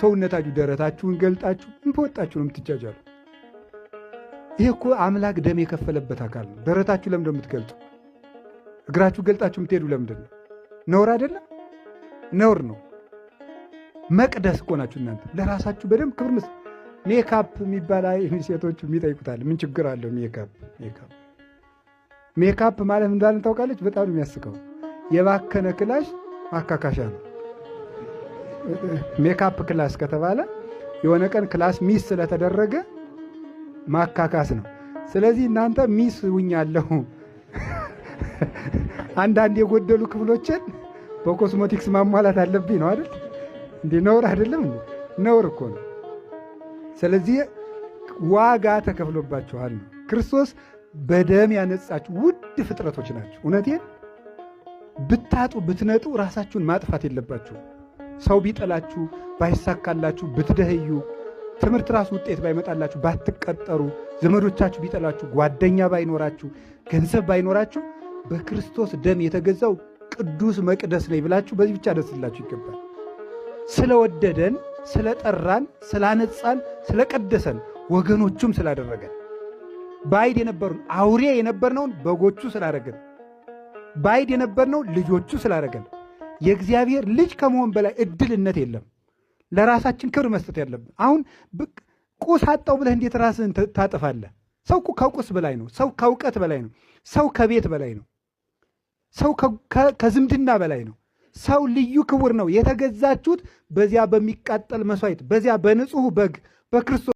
ሰውነታችሁ ደረታችሁን ገልጣችሁ እንበወጣችሁ ነው የምትጃጃሉ። ይህ እኮ አምላክ ደም የከፈለበት አካል ነው። ደረታችሁ ለምንድን የምትገልጡ? እግራችሁ ገልጣችሁ የምትሄዱ ለምንድን ነው? ነውር አይደለም? ነውር ነው። መቅደስ እኮ ናችሁ እናንተ። ለራሳችሁ በደንብ ክብር ምስ ሜካፕ የሚባል ሴቶች የሚጠይቁታል። ምን ችግር አለው ሜካፕ? ሜካፕ ሜካፕ ማለት እንዳለን ታውቃለች። በጣም የሚያስቀው የባከነ ክላሽ ማካካሻ ነው። ሜካፕ ክላስ ከተባለ የሆነ ቀን ክላስ ሚስ ስለተደረገ ማካካስ ነው። ስለዚህ እናንተ ሚስ ውኛለሁ፣ አንዳንድ የጎደሉ ክፍሎችን በኮስሞቲክስ ማሟላት አለብኝ ነው አይደል? እንዲህ ነውር አይደለም? ነውር እኮ ነው። ስለዚህ ዋጋ ተከፍሎባችኋል ነው። ክርስቶስ በደም ያነጻችሁ ውድ ፍጥረቶች ናቸው። እውነቴን ብታጡ ብትነጡ ራሳችሁን ማጥፋት የለባችሁም። ሰው ቢጠላችሁ፣ ባይሳካላችሁ፣ ብትደህዩ፣ ትምህርት ራሱ ውጤት ባይመጣላችሁ፣ ባትቀጠሩ፣ ዘመዶቻችሁ ቢጠላችሁ፣ ጓደኛ ባይኖራችሁ፣ ገንዘብ ባይኖራችሁ በክርስቶስ ደም የተገዛው ቅዱስ መቅደስ ነኝ ብላችሁ በዚህ ብቻ ደስላችሁ ይገባል። ስለወደደን፣ ስለጠራን፣ ስላነጻን፣ ስለቀደሰን ወገኖቹም ስላደረገን ባይድ የነበሩን አውሬ የነበርነውን በጎቹ ስላደረገን ባይድ የነበርነው ልጆቹ ስላደረገን የእግዚአብሔር ልጅ ከመሆን በላይ እድልነት የለም። ለራሳችን ክብር መስጠት ያለብን አሁን ቁስ አጣው ብለህ እንዴት ራስህን ታጠፋለህ? ሰው ከቁስ በላይ ነው። ሰው ከእውቀት በላይ ነው። ሰው ከቤት በላይ ነው። ሰው ከዝምድና በላይ ነው። ሰው ልዩ ክቡር ነው። የተገዛችሁት በዚያ በሚቃጠል መስዋዕት፣ በዚያ በንጹሕ በግ በክርስቶስ